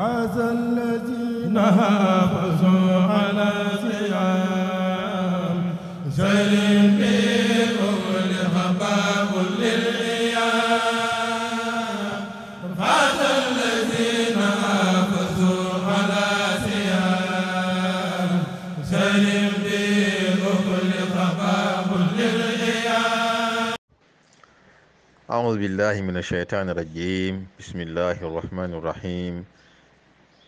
هذا الذي نهب على زيام سليم بقول خباب للأيام هذا الذي نهب على زيام سليم بقول خباب للأيام أعوذ بالله من الشيطان الرجيم بسم الله الرحمن الرحيم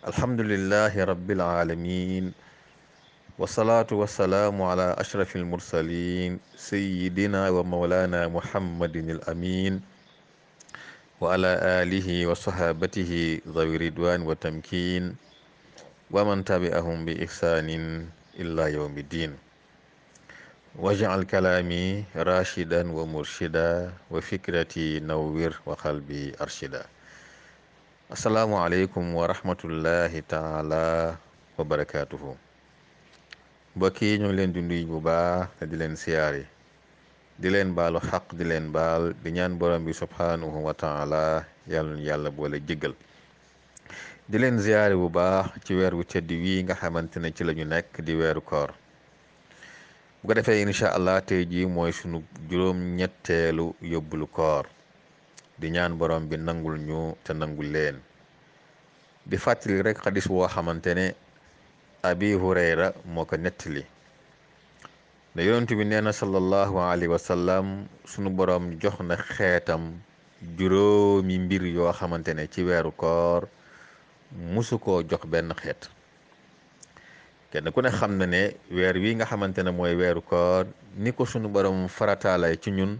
alhamdulilahi rabbil alamin wasalaatu wasalaamu ala ashrafi almursalin sayidina wa maulana muhammadin al amin wa ala alihi wa sahabatihi zawi ridwan wa tamkin wa man tabi'ahum bi ihsanin ila yawmi din wajal kalaami rashidan wa murshida wa fikrati nawwir wa qalbi arshida asalaamualeykum wa rahmatullahi taala wa barakaatuhu mbokk yi ñu leen di nuyu bu baax di leen siyaar di leen baalu xaq di leen baal bi ñaan borom bi subhaanahu wa taala yàlla yàlla boole jéggal di leen ziyaare bu baax ci weer wu tedd wii nga xamante ne ci lañu nekk di weeru koor bu ko defee incha allah tey jii mooy sunu juróom-ñetteelu yóbbulu koor di ñaan borom bi nangul ñu te nangu leen di fàttali rekk xadis woo xamante ne abi hurayra moo ko nettali ne yonent bi nee na sallallahu alayhi wa sunu borom jox na xeetam juróomi mbir yoo xamante ne ci weeru koor musu koo jox benn xeet kenn ku ne xam na ne weer wi nga xamante ne mooy weeru koor ni ko sunu borom farataalay ci ñun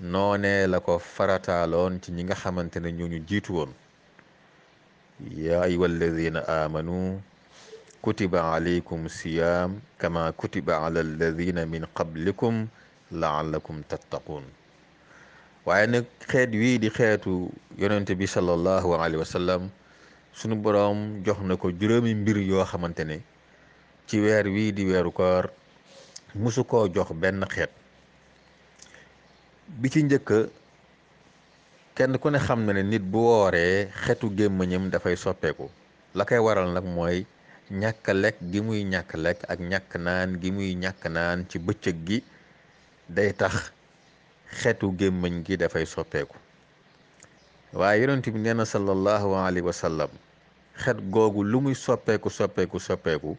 noonee la ko farataaloon ci ñi nga xamante ne ñoo ñu jiitu woon yaa ayuha alladina amanu kutiba alaykum siyaam kama kutiba ala alladina min qablikum laallakum tattaquun waaye nag xeet wii di xeetu yonente bi sallallahu alayhi wa sallam sunu boroom jox na ko juróomi mbir yoo xamante ne ci weer wii di weeru koor musu koo jox benn xeet bi ci njëkk kenn ku ne xam na ne nit bu wooree xetu gémmiñam dafay soppeeku la koy waral nag mooy ñàkk lekk gi muy ñàkk lekk ak ñàkk naan gi muy ñàkk naan ci bëccëg gi day tax xetu gémmiñ gi dafay soppeeku waaye yonent bi nee na sallallahu alayhi wa xet googu lu muy soppeeku soppeeku soppeeku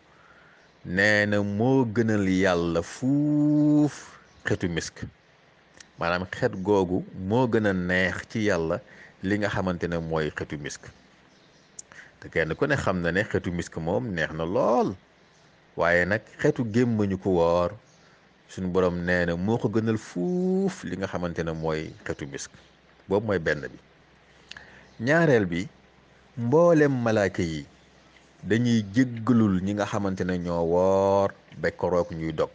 nee na moo gënal yàlla fuuf xetu misk maanaam xet googu moo gën a neex ci yàlla li nga xamante ne mooy xetu misk te kenn ku ne xam na ne xetu misk moom neex na lool waaye nag xetu gémmañu ko woor suñu borom nee na moo ko gënal fuuf li nga xamante ne mooy xetu misk boobu mooy benn bi ñaareel bi mboolem malaaka yi dañuy jéggalul ñi nga xamante ne ñoo woor ba koroog ñuy dog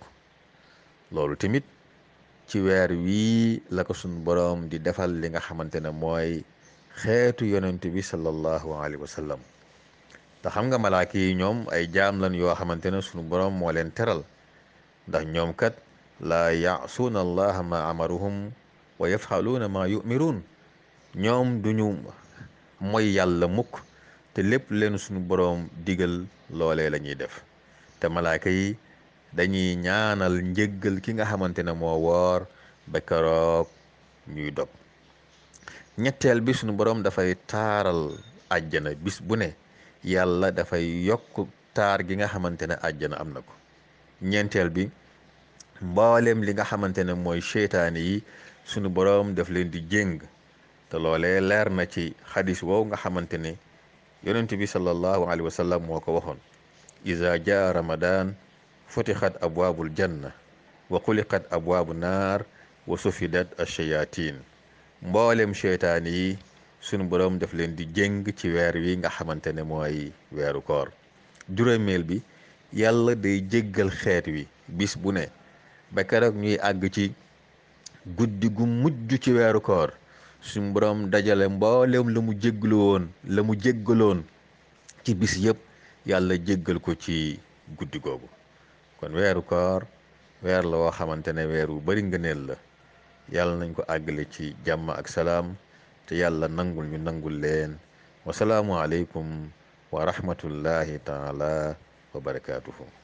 loolu tamit ci weer wii la ko sunu boroom di defal li nga xamante ne mooy xeetu yonent bi sallallahu alayhi wa sallam te xam nga malaaka yi ñoom ay jaam lan yoo xamante ne sunu boroom moo leen teral ndax ñoom kat laa yaasuuna allaha ma amaruhum wa yafxaluuna ma yumiruun ñoom duñu mooy yàlla mukk te lépp leen sunu boroom digal loole la ñuy def te malaaka yi dañuy ñaanal njëggal ki nga xamante ne moo woor ba keroog ñuy dog ñetteel bi sunu borom dafay taaral àjjana bis bu ne yàlla dafay yokk taar gi nga xamante ne àjjana am na ko ñeenteel bi mboolem li nga xamante ne mooy seytaane yi sunu boroom daf leen di jéng te loole leer na ci xadis woowu nga xamante ne yonent bi sallallahu alayhi wa sallam moo ko waxoon iza jaa ramadan futixat abwaabul janna wa xuliqat abwaabu naar wa sufidat achayatin mboolem cheytaan yi sunu borom daf leen di jéng ci weer wi nga xamante ne mooy weeru koor juróomeel bi yàlla day jéggal xeet wi bis bu ne ba keroog ñuy àgg ci guddi gu mujj ci weeru koor sunu borom dajale mboolem la mu jéggalu mu jéggaloon ci bis yépp yàlla jéggal ko ci guddi googu weeru koor weer la woo xamante ne weer wu bari ngëneel la yàlla nañ ko àggale ci jàmm ak salaam te yàlla nangul ñu nangul leen wasalaamu aleykum wa rahmatullahi taala wa barakaatuhu